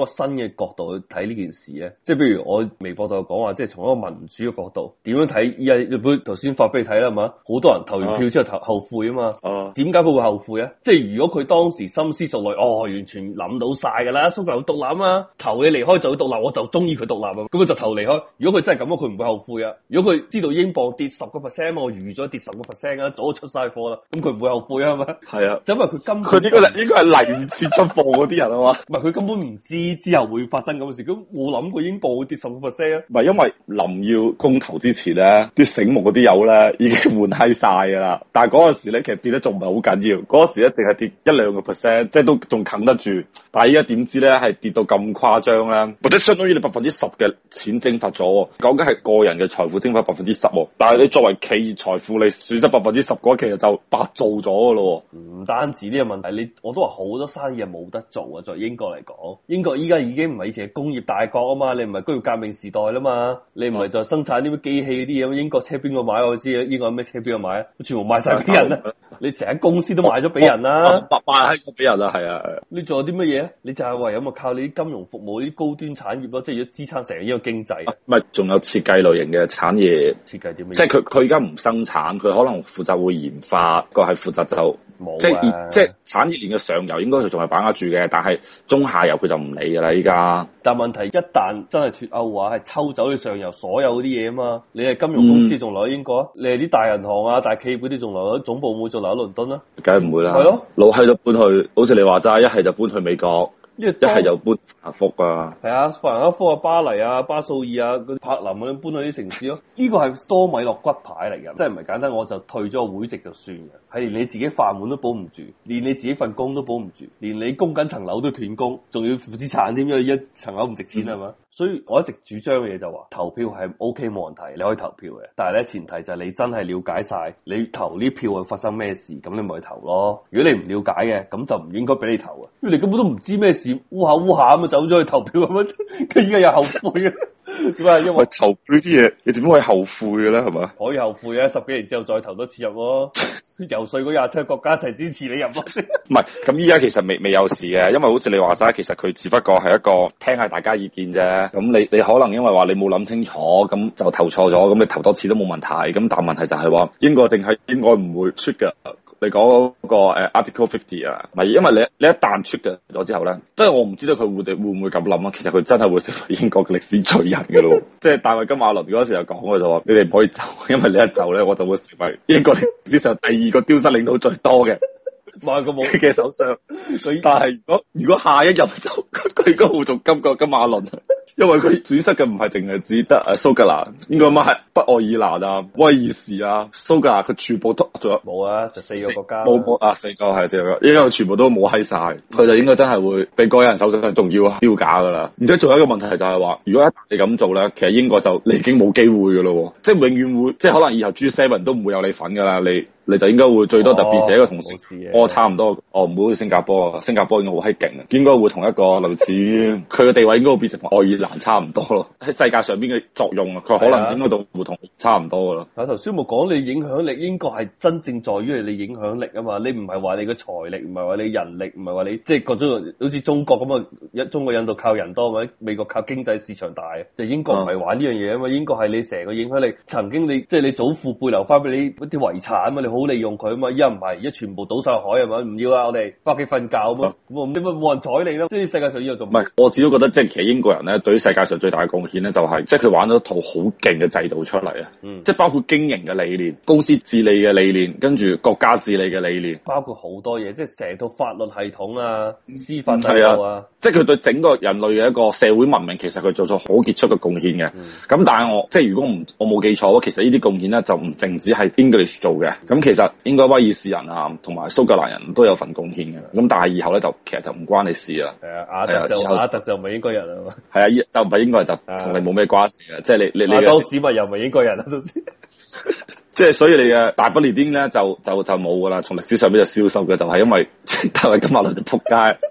個新嘅角度去睇呢件事咧，即係譬如我微博度講話，即係從一個民主嘅角度點樣睇？依家，如果頭先發俾你睇啦，係嘛？好多人投完票之後投、啊、後悔啊嘛。哦、啊，點解佢會後悔啊？即係如果佢當時深思熟慮，哦，完全諗到晒噶啦，蘇格蘭獨立啊嘛，投你離開就會獨立，我就中意佢獨立啊，咁佢就投離開。如果佢真係咁啊，佢唔會後悔啊。如果佢知道英鎊跌十個 percent，我預咗跌十個 percent 啊，早出晒貨啦，咁佢唔會後悔啊嘛。係啊，因為佢今佢呢個應該係嚟唔切出貨嗰啲人啊嘛，唔係佢根本唔知。之後會發生咁嘅事，咁我諗佢已經破跌十五 percent 啊，唔係因為臨要公投之前咧，啲醒目嗰啲友咧已經換閪晒啦。但係嗰陣時咧，其實跌得仲唔係好緊要，嗰時一定係跌一兩個 percent，即係都仲啃得住。但係依家點知咧，係跌到咁誇張啦，或者相當於你百分之十嘅錢蒸發咗，究竟係個人嘅財富蒸發百分之十，但係你作為企業財富，你損失百分之十個，其實就白做咗噶咯。唔、嗯、單止呢個問題，你我都話好多生意係冇得做啊，作為英國嚟講，英國。依家已經唔係以前嘅工業大國啊嘛，你唔係工業革命時代啦嘛，你唔係就生產啲咩機器啲嘢，英國車邊個買我知，英國咩車邊個買啊？全部賣晒俾人啦，你成間公司都賣咗俾人啦，白白喺度俾人啦，係啊，你做啲乜嘢？你就係話有冇靠你啲金融服務啲高端產業咯，即係要支撐成個經濟。唔係，仲有設計類型嘅產業，設計啲咩？即係佢佢而家唔生產，佢可能負責會研發，個係負責就。啊、即係即係產業鏈嘅上游，應該係仲係把握住嘅，但係中下游佢就唔理㗎喇依家。但係問題一旦真係脫歐嘅、啊、話，係抽走你上游所有啲嘢啊嘛？你係金融公司仲留喺英國、啊？嗯、你係啲大銀行啊、大企業嗰啲仲留喺總部冇，仲留喺倫敦啦、啊。梗係唔會啦。係咯的，老係就搬去，好似你話齋，一係就搬去美國。呢個就係又搬下福啊！係啊，法蘭克福啊，巴黎啊，巴素爾啊，柏林啊，搬去啲城市咯。呢個係多米諾骨牌嚟嘅，即係唔係簡單我就退咗個會籍就算嘅。係連你自己飯碗都保唔住，連你自己份工都保唔住，連你供緊層樓都斷供，仲要負資產，因為一層樓唔值錢係嘛？嗯所以我一直主張嘅嘢，就話投票係 OK 冇問題，你可以投票嘅。但係咧前提就係你真係了解晒你投呢票會發生咩事，咁你咪去投咯。如果你唔了解嘅，咁就唔應該俾你投啊。你根本都唔知咩事，烏下烏下咁啊走咗去投票咁樣，跟住而家又後悔啊！ 點啊？因為投呢啲嘢，你點可以後悔嘅咧？係咪？可以後悔嘅，啊，十幾年之後再投多次入咯，啊， 遊說嗰廿七個國家一齊支持你入，唔係，咁依家其實未未有事嘅，因為好似你話齋，其實佢只不過係一個聽下大家意見啫。咁你你可能因為話你冇諗清楚，咁就投錯咗，咁你投多次都冇問題。咁但係問題就係話，英國定係應該唔會出嘅。你講嗰、嗰個誒、uh, Article Fifty 啊，唔係，因為你你一旦出嘅咗之後咧，即係我唔知道佢會會唔會咁諗啊。其實佢真係會成為英國嘅歷史罪人。 即係大衛金馬倫嗰時候講佢就話：你哋唔可以走，因為你一走咧， 我就會成為 英國歷史上第二個丟失領土最多嘅， 個武器嘅首相。 所以但係如果如果下一任就佢都好重金個金馬倫。因為佢損失嘅唔係淨係只得誒蘇格蘭， 應該乜係北愛爾蘭啊威爾士啊蘇格蘭佢全部都仲有冇啊？就四個國家冇冇啊四個係、啊、四,四個，因為全部都冇閪晒，佢 就應該真係會俾個人首相仲要丟架噶啦。而且仲有一個問題就係、是、話，如果你咁做咧，其實英國就你已經冇機會噶咯，即係永遠會即係可能以後 G seven 都唔會有你份噶啦你。你就應該會最多就變成一個同事、哦，我差唔多，我、哦、唔會去新加坡啊！新加坡應該好閪勁啊，應該會同一個類似佢嘅 地位，應該會變成同愛爾蘭差唔多咯。喺世界上邊嘅作用啊，佢可能應該都同、哦、差唔多噶啦。嗱、啊，頭先我講你影響力，英國係真正在於你影響力啊嘛？你唔係話你嘅財力，唔係話你人力，唔係話你即係嗰種好似中國咁啊，中國印度靠人多啊，美國靠經濟市場大，就是、英國唔係玩呢樣嘢啊嘛？嗯、英國係你成個影響力，曾經你即係、就是、你祖父輩留翻俾你一啲遺產啊嘛？好利用佢啊嘛，依家唔係，而家全部倒晒海係咪？唔要啦，我哋翻屋企瞓覺咁啊，咁、嗯、你咪冇人睬你咯。即、就、係、是、世界上要做唔係，我始終覺得即係其實英國人咧，對於世界上最大嘅貢獻咧，就係即係佢玩咗一套好勁嘅制度出嚟，啊，即係、嗯、包括經營嘅理念、公司治理嘅理念、跟住國家治理嘅理念，包括好多嘢，即係成套法律系統啊、司法制度啊，即係佢對整個人類嘅一個社會文明其、嗯就是，其實佢做咗好傑出嘅貢獻嘅。咁但係我即係如果唔我冇記錯，其實呢啲貢獻咧就唔淨止係 English 做嘅，咁。其實應該威爾士人啊，同埋蘇格蘭人都有份貢獻嘅。咁但係以後咧就其實就唔關你事啦。係啊，亞特就亞特就唔係英國人啊嘛。係啊，就唔係英國人就同你冇咩關係嘅。 即係你你你當市民又唔係英國人啊，到時。即係所以你嘅大不列顛咧就就就冇噶啦，從歷史上面就消失嘅就係、是、因為大衛 金馬倫就撲街。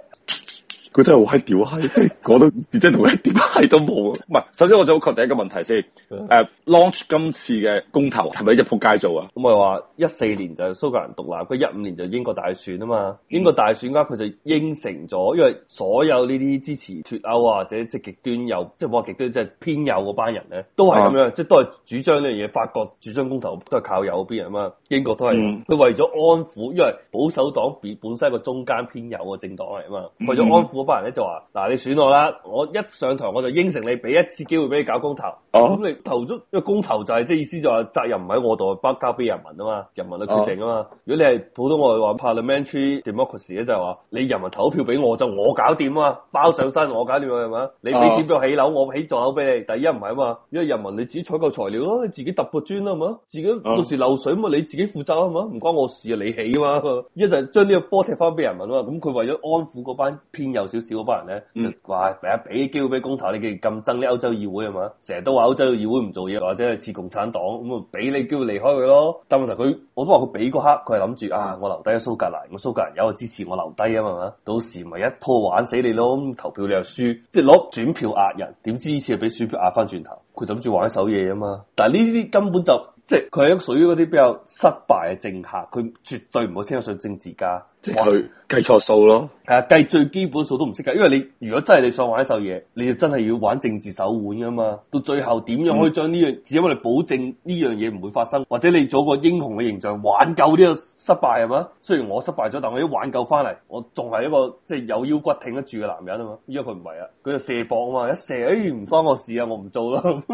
佢真係好閪屌閪，即係講到，即係同佢一點係都冇。唔係，首先我就好確定一個問題先。誒、uh,，launch 今次嘅公投係咪一扑街做啊？咁咪話一四年就蘇格蘭獨立，佢一五年就英國大選啊嘛。英國大選啊，佢就應承咗，因為所有呢啲支持脱歐或者即係極端右，即係話極端即係、就是、偏右嗰班人咧，都係咁樣，啊、即係都係主張呢樣嘢。法國主張公投都係靠右邊人啊嘛，英國都係。佢、嗯、為咗安撫，因為保守黨本身係個中間偏右嘅政黨嚟啊嘛，嗯、為咗安撫。人咧就話：嗱、啊，你選我啦，我一上台我就應承你，俾一次機會俾你搞公投。咁、啊、你投咗呢個公投就係即係意思就話責任唔喺我度，包交俾人民啊嘛，人民去決定啊嘛。啊如果你係普通我哋話 parliamentary democracy 咧，就係話你人民投票俾我就，就我搞掂啊嘛，包上身我搞掂啊嘛，係嘛？你俾錢俾我起樓，我起座樓俾你。第一唔係啊嘛，因為人民你自己採購材料咯，你自己揼個磚咯，係嘛？自己到時漏水咁嘛？你自己負責啊嘛，唔關我事啊，你起啊嘛。啊一陣將呢個波踢翻俾人民啊嘛，咁佢為咗安撫嗰班偏右少。少嗰班人咧就話俾機會俾公投，你竟然咁憎啲歐洲議會係嘛？成日都話歐洲議會唔做嘢，或者似共產黨咁啊，俾、嗯、你機會離開佢咯。但係問題佢我都話佢俾嗰刻，佢係諗住啊，我留低喺蘇格蘭，咁蘇格蘭有我支持，我留低啊嘛。到時咪一鋪玩死你咯，投票你又輸，即係攞轉票壓人。點知呢次係俾選票壓翻轉頭，佢諗住玩一手嘢啊嘛。但係呢啲根本就即係佢係一屬於嗰啲比較失敗嘅政客，佢絕對唔會稱得上政治家。即係佢計錯數咯，係啊，計最基本數都唔識計，因為你如果真係你想玩一手嘢，你就真係要玩政治手腕噶嘛。到最後點樣可以將呢樣，只因為保證呢樣嘢唔會發生，或者你做一個英雄嘅形象挽救呢個失敗係嘛？雖然我失敗咗，但我已經挽救翻嚟，我仲係一個即係有腰骨挺得住嘅男人啊嘛。依家佢唔係啊，佢就射博啊嘛，一射誒，唔關我事啊，我唔做咯。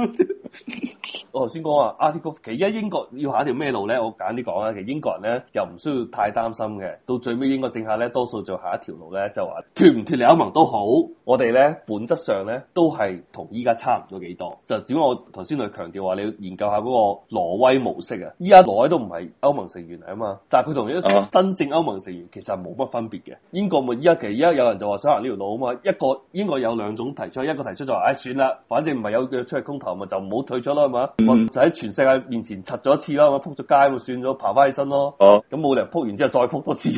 我頭先講啊，阿 Tiff 其實一英國要行一條咩路咧？我簡啲講啊，其實英國人咧又唔需要太擔心嘅，到最。英國政客咧，多數做下一條路咧，就話脫唔脫離歐盟都好，我哋咧本質上咧都係同依家差唔多幾多。就點解我頭先同你強調話你要研究下嗰個挪威模式啊？依家挪威都唔係歐盟成員嚟啊嘛，但係佢同啲真正歐盟成員其實冇乜分別嘅。英國咪依家，其實依家有人就話想行呢條路啊嘛。一個英國有兩種提出，一個提出就話唉、哎，算啦，反正唔係有嘅出去公投嘛，就唔好退出啦，係嘛？嗯、就喺全世界面前柒咗一次啦，咁仆咗街咪算咗，爬翻起身咯。咁冇、啊、理由仆完之後再仆多次。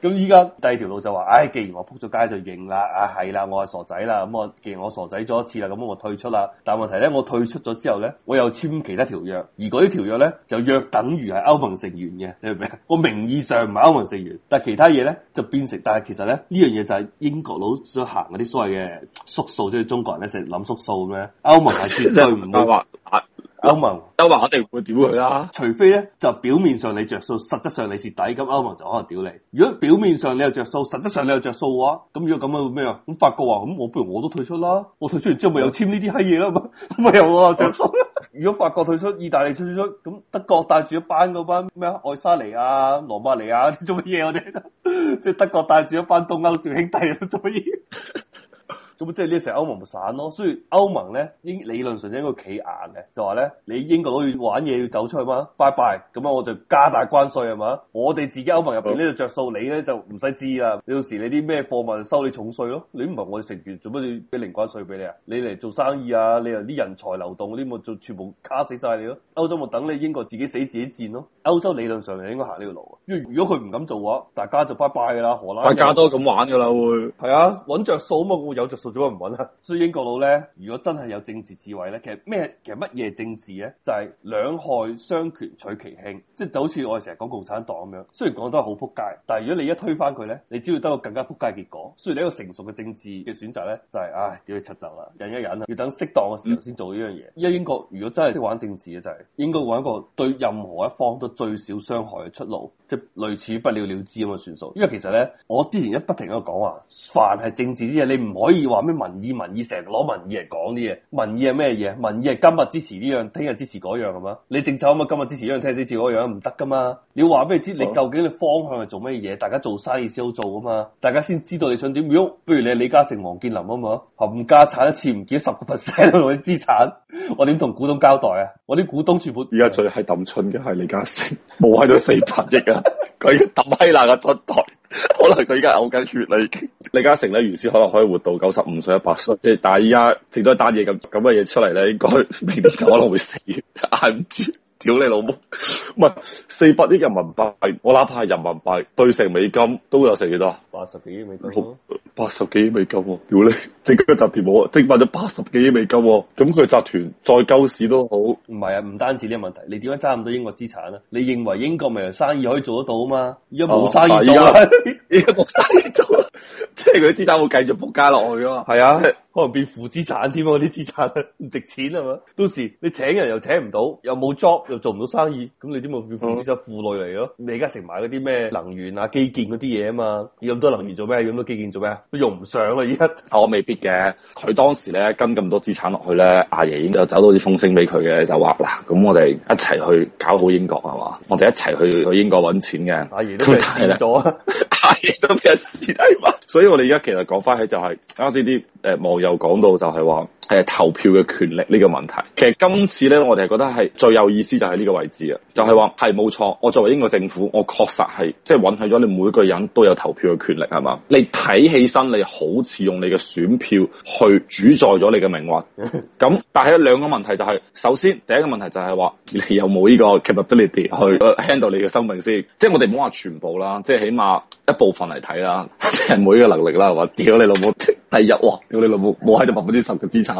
咁依家第二條路就話，唉、哎，既然我仆咗街就認、啊、啦，啊係啦，我係傻仔啦，咁我既然我傻仔咗一次啦，咁我退出啦。但係問題咧，我退出咗之後咧，我又簽其他條約，而嗰啲條約咧就約等於係歐盟成員嘅，你明唔明？我名義上唔係歐盟成員，但係其他嘢咧就變成，但係其實咧呢樣嘢就係英國佬想行嗰啲所謂嘅縮數，即係中國人咧成日諗縮數咩？歐盟係絕對唔會話。 歐盟，歐盟肯定會屌佢啦。文吧除非咧，就表面上你着數，實質上你蝕底，咁歐盟就可能屌你。如果表面上你有着數，實質上你有着數嘅話，咁如果咁樣咩啊？咁法國話咁，我不如我都退出啦。我退出完之後咪又簽呢啲閪嘢啦，咪又着數。如果法國退出，意大利退出，咁德國帶住一班嗰班咩啊？愛沙尼亞、羅馬尼亞你做乜嘢？我哋即係德國帶住一班東歐小兄弟啊做乜嘢？ 咁即係呢成歐盟散咯，所以歐盟咧應理論上應該企硬嘅，就話咧你英國佬要玩嘢要走出去嘛，拜拜，咁啊我就加大關稅係嘛，我哋自己歐盟入邊、嗯、呢度着數，你咧就唔使知啦。你到時你啲咩貨物收你重稅咯，你唔係我哋成員，做乜要俾零關稅俾你啊？你嚟做生意啊，你又啲人才流動嗰啲，咪就全部卡死晒你咯。歐洲咪等你英國自己死自己賤咯。歐洲理論上係應該行呢條路啊，因為如果佢唔敢做嘅話，大家就拜拜㗎啦。荷蘭大家都咁玩㗎啦會，係啊揾着數啊嘛，我有着數。做乜唔揾啊？所以英國佬咧，如果真係有政治智慧咧，其實咩其實乜嘢政治咧，就係、是、兩害相權取其輕，即、就、係、是、就好似我哋成日講共產黨咁樣。雖然講得係好撲街，但係如果你一推翻佢咧，你只會得到更加撲街嘅結果。所以你一個成熟嘅政治嘅選擇咧，就係、是、唉，要出走啦，忍一忍啦，要等適當嘅時候先做呢樣嘢。因為、嗯、英國如果真係識玩政治嘅，就係、是、應該玩一個對任何一方都最少傷害嘅出路，即、就、係、是、類似不了了之咁嘅算數。因為其實咧，我之前一不停喺度講話，凡係政治啲嘢，你唔可以話。咁咩民意？民意成日攞民意嚟講啲嘢，民意係咩嘢？民意係今日支持呢樣，聽日支持嗰樣，係嘛？你政策咁啊，今日支持呢樣，聽日支持嗰樣，唔得噶嘛？你話俾你知你究竟你方向係做咩嘢？大家做生意先好做啊嘛，大家先知道你想點樣、哎。不如你係李嘉誠、王健林啊嘛，冚家產一次唔見十個 percent 嗰啲資產，我點同股東交代啊？我啲股東全部而家最係抌春嘅係李嘉誠，冇喺度四百億啊，佢抌閪爛個出台。 可能佢而 家嘔緊血啦已經，李嘉誠咧原先可能可以活到九十五歲一百歲，即係但係依家整咗單嘢咁咁嘅嘢出嚟咧，應該明年就可能會死，捱唔 住。屌你老母，唔係四百億人民幣，我哪怕係人民幣兌成美金都有成幾多啊？八十幾億美金，好！八十幾億美金喎，屌你，整個集團啊？淨賣咗八十幾億美金喎，啊，咁佢集團再救市都好。唔係啊，唔單止呢個問題，你點樣揸咁多英國資產啊？你認為英國未有生意可以做得到啊？嘛，而家冇生意做，而家冇生意做。 即係佢啲資產會繼續仆街落去啊嘛，係 啊，就是，可能變負資產添啊，啲資產唔 值錢啊嘛，到時你請人又請唔到，又冇 job 又做唔到生意，咁你點會變負資產？負累嚟咯，你而家成埋嗰啲咩能源啊、基建嗰啲嘢啊嘛，要咁多能源做咩？要咁多基建做咩？都用唔上啊！而家我未必嘅，佢當時咧跟咁多資產落去咧，阿爺已經走到啲風聲俾佢嘅，就話嗱，咁我哋一齊去搞好英國係嘛，我哋一齊去去英國搵錢嘅，阿爺 都俾蝕咗，阿爺都俾人蝕低。所以我哋而家其實講翻起就係啱先啲誒網友講到就係話，投票嘅權力呢個問題，其實今次呢，我哋係覺得係最有意思就係呢個位置啊！就係話係冇錯，我作為英國政府，我確實係即係允許咗你每個人都有投票嘅權力係嘛？你睇起身，你好似用你嘅選票去主宰咗你嘅命運。咁 但係有兩個問題，就係，就係首先第一個問題就係話你有冇呢個 capability 去 handle 你嘅生命先？ 即係我哋唔好話全部啦，即係起碼一部分嚟睇啦，即係冇呢個能力啦係嘛？屌你老母， 第日哇！屌你老母冇喺度百分之十嘅資產。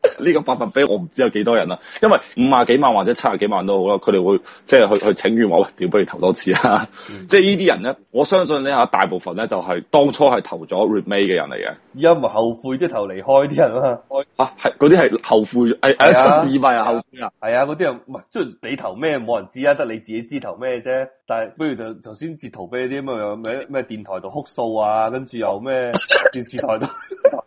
呢個百分比我唔知有幾多人啦，因為五啊幾萬或者七十幾萬都好啦，佢哋會即係去去請願我，喂，屌，不如投多次啊！ 即係呢啲人咧，我相信呢，吓大部分咧就係當初係投咗 remain 嘅人嚟嘅。而家唔係後悔啲投離開啲人啦，啊，係嗰啲係後悔，係係、啊啊、七十二萬啊，後悔啊！係啊，嗰啲、啊、人唔即係你投咩冇人知啊，得你自己知投咩啫。但係不如就頭先截圖俾啲咁啊，咩咩電台度哭訴啊，跟住又咩電視台度。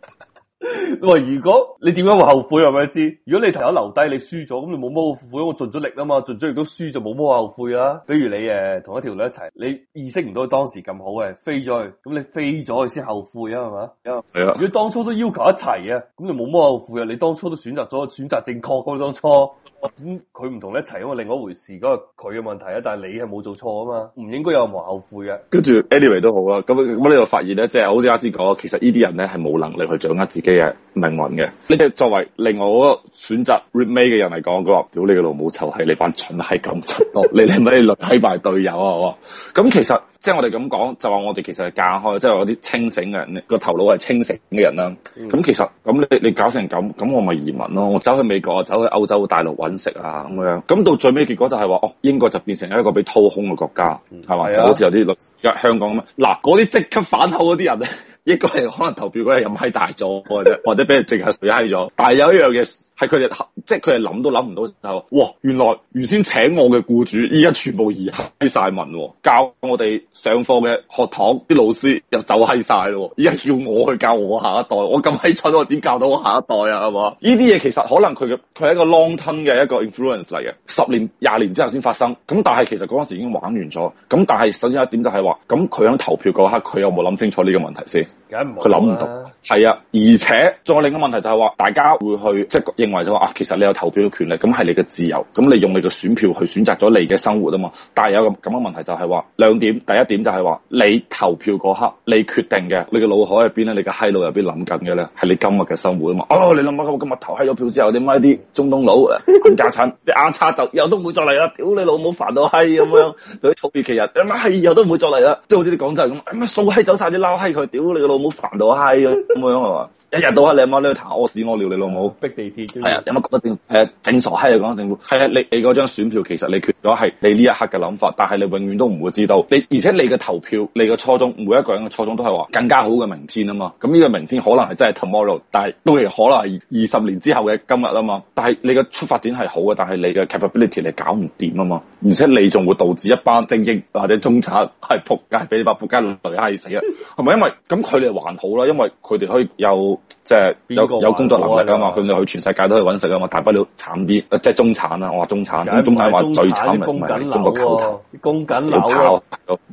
喂， 如果你點樣會後悔係咪知？如果你頭先留低，你輸咗，咁你冇乜後悔，我盡咗力啊嘛，盡咗力都輸就冇乜後悔啊。比如你誒，同一條女一齊，你意識唔到當時咁好嘅飛咗去，咁你飛咗去先後悔啊係嘛？係啊。的如果你當初都要求一齊啊，咁你冇乜後悔啊。你當初都選擇咗，選擇正確嗰當初。咁佢唔同你一齊，因為另外一回事嗰個佢嘅問題啊。但係你係冇做錯啊嘛，唔應該有任何後悔啊。跟住 anyway 都好啦。咁咁你就發現咧，即係好似阿師講，其實呢啲人咧係冇能力去掌握自己。嘅命運嘅，呢啲作為另外嗰個選擇 remain 嘅 人嚟講，佢話屌你個老母臭，係 你班蠢閪，係咁執到，你你咪睇埋隊友啊！咁其實。即係我哋咁講，就話我哋其實係架開，即、就、係、是、有啲清醒嘅人，個頭腦係清醒嘅人啦。咁、嗯、其實咁你你搞成咁，咁我咪移民咯。我走去美國啊，走去歐洲大陸搵食啊咁樣。咁到最尾結果就係話，哦，英國就變成一個被掏空嘅國家，係嘛、嗯？就好似有啲香港咁啊。嗱，嗰啲即刻反口嗰啲人咧，應該係可能投票嗰日飲嗨大咗嘅啫， 或者俾人即刻水嗨咗。但係有一樣嘢。係佢哋即係佢哋諗都諗唔到就，哇！原來原先請我嘅僱主依家全部移閪晒民，教我哋上課嘅學堂啲老師又走閪晒咯，而家叫我去教我下一代，我咁閪蠢，我點教到我下一代啊？係嘛？呢啲嘢其實可能佢嘅佢係一個 long term 嘅一個 influence 嚟嘅，十年廿年之後先發生。咁但係其實嗰陣時已經玩完咗。咁但係首先一點就係話，咁佢喺投票嗰刻，佢有冇諗清楚呢個問題先？佢諗唔到。係啊，而且再另一個問題就係、是、話，大家會去即係。就是認為就話啊，其實你有投票嘅權利，咁係你嘅自由，咁你用你嘅選票去選擇咗你嘅生活啊嘛。但係有個咁嘅問題就係話兩點，第一點就係話你投票嗰刻，你決定嘅，你嘅腦海入邊咧，你嘅閪腦入邊諗緊嘅咧，係你今日嘅生活啊嘛。哦，你諗下今今日投閪咗票之後，點解啲中東佬、軍家親、啲阿叉就又都唔會再嚟啦。屌你老母煩到閪咁樣，佢啲土耳其人，阿媽閪又都唔會再嚟啦。即係好似啲廣州咁，阿媽掃閪走晒啲撈閪佢，屌你個老母煩到閪咁樣係嘛。 一日到黑，你阿媽呢度談屙屎屙尿，你老母逼地鐵，係啊，有乜覺得政誒正傻閪嚟講政府係啊？你你嗰張選票其實你缺咗係你呢一刻嘅諗法，但係你永遠都唔會知道你，而且你嘅投票，你嘅初衷，每一個人嘅初衷都係話更加好嘅明天啊嘛。咁呢個明天可能係真係 tomorrow，但係都係可能係二十年之後嘅今日啊嘛。但係你嘅出發點係好嘅，但係你嘅 capability 你搞唔掂啊嘛。而且你仲會導致一班精英或者中產係仆街，俾你把仆街累閪死啊！係咪因為咁佢哋還好啦？因為佢哋可以有。即係有有工作能力啊嘛，佢哋去全世界都去揾食啊嘛，大不了慘啲，即係中產啦、啊。我話中產，中產話產最慘咪係中國狗頭，供緊樓，有跑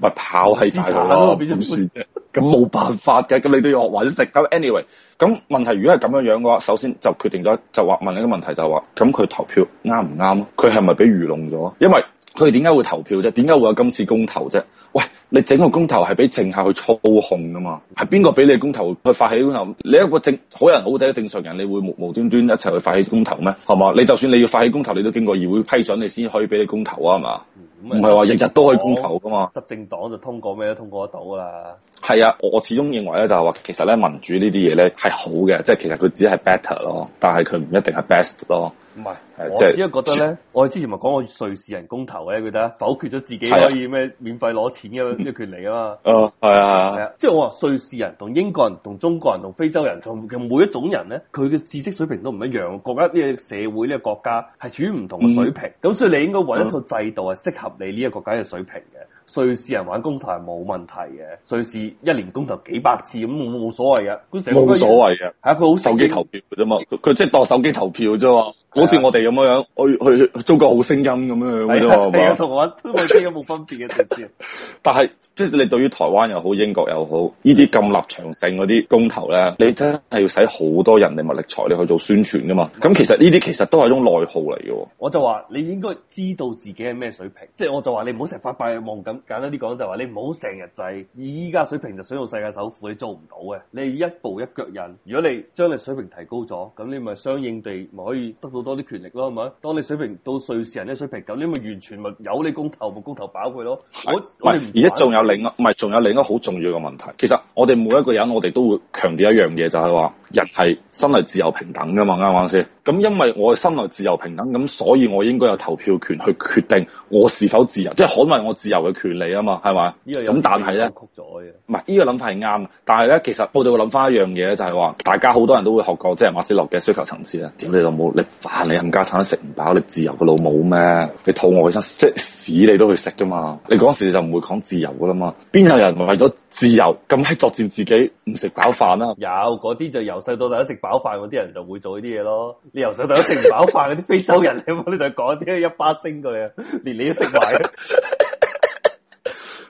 咪跑喺晒度，點算啫？咁冇辦法嘅，咁你都要學揾食。咁 anyway，咁問題如果係咁樣樣嘅話，首先就決定咗，就話問你個問題、就是，就話咁佢投票啱唔啱？佢係咪俾愚弄咗？因為。佢哋點解會投票啫？點解會有今次公投啫？喂，你整個公投係俾政客去操控噶嘛？係邊個俾你公投去發起公投？你一個正好人好仔正常人，你會無無端端一齊去發起公投咩？係嘛？你就算你要發起公投，你都經過議會批准，你先可以俾你公投啊？係嘛？唔係話日日都可以公投噶嘛？執政黨就通過咩都通過得到啦。係啊，我始終認為咧就係話，其實咧民主呢啲嘢咧係好嘅，即係其實佢只係 better 咯，但係佢唔一定係 best 咯。唔係，我只係覺得咧，我哋之前咪講過瑞士人公投咧，佢得否決咗自己可以咩免費攞錢咁嘅權利啊嘛。 哦，係啊，係啊，即係我話瑞士人同英國人、同中國人、同非洲人同其實每一種人咧，佢嘅知識水平都唔一樣，國家呢、這個社會呢、這個國家係處於唔同嘅水平，咁、嗯、所以你應該揾一套制度係適合你呢一個國家嘅水平嘅。嗯、瑞士人玩公投係冇問題嘅，瑞士一年公投幾百次，咁、嗯、冇所謂嘅，佢冇所謂嘅，係佢好手機投票嘅啫嘛，佢即係當手機投票啫。好似我哋咁樣樣，去去中國好聲音咁樣樣，同我中國好聲音冇分別嘅，直接但係即係你對於台灣又好，英國又好，呢啲咁立場性嗰啲公投咧，你真係要使好多人力物力財力去做宣傳㗎嘛？咁的其實呢啲其實都係一種內耗嚟嘅。我就話你應該知道自己係咩水平，即係我就話你唔好成日發白日夢咁，簡單啲講就話你唔好成日就係依家水平就想到世界首富，你做唔到嘅，你一步一腳印。如果你將你水平提高咗，咁你咪相應地咪可以得到。多啲權力咯，係咪？當你水平到瑞士人嘅水平咁，你咪完全咪有你公投冇公投飽佢咯。是我是我哋而家仲有另一個，唔係仲有另一個好重要嘅問題。其實我哋每一個人，我哋都會強調一樣嘢，就係話。人係生來自由平等噶嘛，啱唔啱先？咁因為我係生來自由平等，咁所以我應該有投票權去決定我是否自由，即係可能我自由嘅權利啊嘛，係咪？咁但係咧，唔係呢個諗法係啱，但係咧其實我哋會諗翻一樣嘢，就係話大家好多人都會學過即係馬斯洛嘅需求層次啊！屌你老母，你飯你冚家產食唔飽，你自由個老母咩？你肚餓起身即屎你都去食噶嘛？你嗰時你就唔會講自由噶啦嘛？邊有人為咗自由咁去作戰自己唔食飽飯啊？有嗰啲就有。細到大家食飽飯，嗰啲人就會做呢啲嘢咯。你由細到大都食唔飽飯，嗰啲非洲人， 你冇你就講啲一巴聲過嚟，連你都食埋。